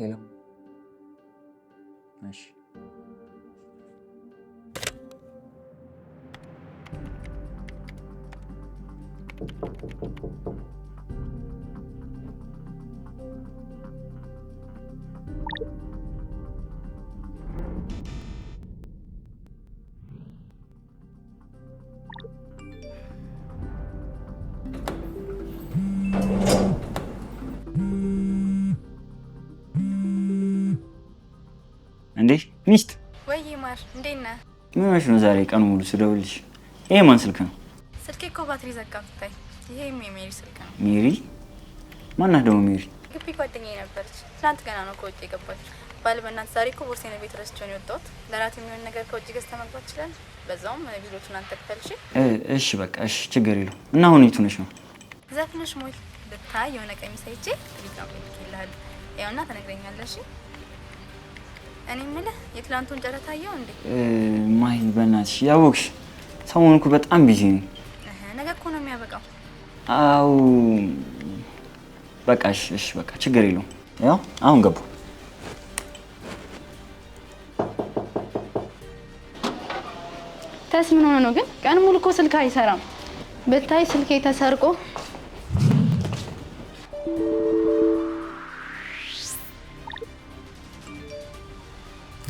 Hello. Acho. እንዴ ሚስት! ወይ ማር፣ እንዴት ነህ? ምን ሆነሽ ነው ዛሬ ቀኑ ሙሉ ስደውልሽ? ይሄ ማን ስልክ ነው? ስልኬ እኮ ባትሪ ዘጋ ብታይ። ይሄም የሜሪ ስልክ ነው። ሜሪ? ማናት ደግሞ ሜሪ? ግቢ ጓደኛዬ ነበረች። ትናንት ገና ነው ከውጭ ባል ባልበናት ዛሬ እኮ ቦርሴን ቤት ረስቼውን የወጣሁት። ለራት የሚሆን ነገር ከውጭ ገዝተህ መግባት ይችላል። በዛውም ቢሎቹን አንተ እሺ በቃ እሺ፣ ችግር የለው። እና አሁን የቱ ነሽ ነው? ዘፍነሽ ሞይ ብታይ የሆነ ቀሚስ አይቼ ቤት ነው ያውና ተነግረኛለሽ እኔ የምልህ የትላንቱን ጨረታ እንዴ? ያወቅሽ፣ ሰሞኑን እኮ በጣም ቢዚ ነኝ። ነገ እኮ ነው የሚያበቃው። አው በቃ እሺ፣ በቃ ችግር የለውም። ያው አሁን ገቡ። ተስ ምን ሆነ ነው ግን? ቀን ሙሉ እኮ ስልክ አይሰራም። ብታይ ስልኬ ተሰርቆ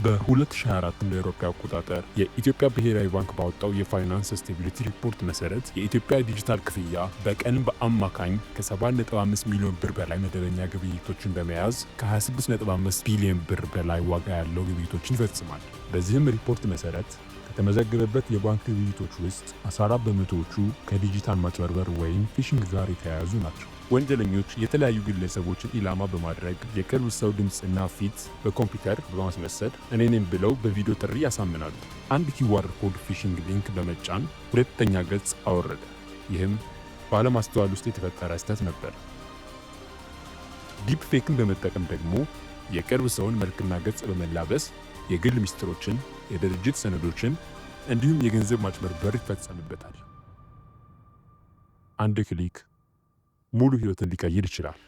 በ2024 እንደ አውሮፓ አቆጣጠር የኢትዮጵያ ብሔራዊ ባንክ ባወጣው የፋይናንስ ስቴቢሊቲ ሪፖርት መሰረት የኢትዮጵያ ዲጂታል ክፍያ በቀን በአማካኝ ከ7.5 ሚሊዮን ብር በላይ መደበኛ ግብይቶችን በመያዝ ከ26.5 ቢሊዮን ብር በላይ ዋጋ ያለው ግብይቶችን ይፈጽማል። በዚህም ሪፖርት መሰረት ከተመዘገበበት የባንክ ግብይቶች ውስጥ 14 በመቶዎቹ ከዲጂታል ማጭበርበር ወይም ፊሽንግ ጋር የተያያዙ ናቸው። ወንጀለኞች የተለያዩ ግለሰቦችን ኢላማ በማድረግ የቅርብ ሰው ድምፅና ፊት በኮምፒውተር በማስመሰል እኔንም ብለው በቪዲዮ ጥሪ ያሳምናሉ። አንድ ኪዋር ኮድ ፊሽንግ ሊንክ በመጫን ሁለተኛ ገጽ አወረደ። ይህም ባለማስተዋል ውስጥ የተፈጠረ ስህተት ነበር። ዲፕ ፌክን በመጠቀም ደግሞ የቅርብ ሰውን መልክና ገጽ በመላበስ የግል ሚስጥሮችን፣ የድርጅት ሰነዶችን እንዲሁም የገንዘብ ማጭበርበር ይፈጸምበታል። አንድ ክሊክ ሙሉ ህይወትን ሊቀይር ይችላል።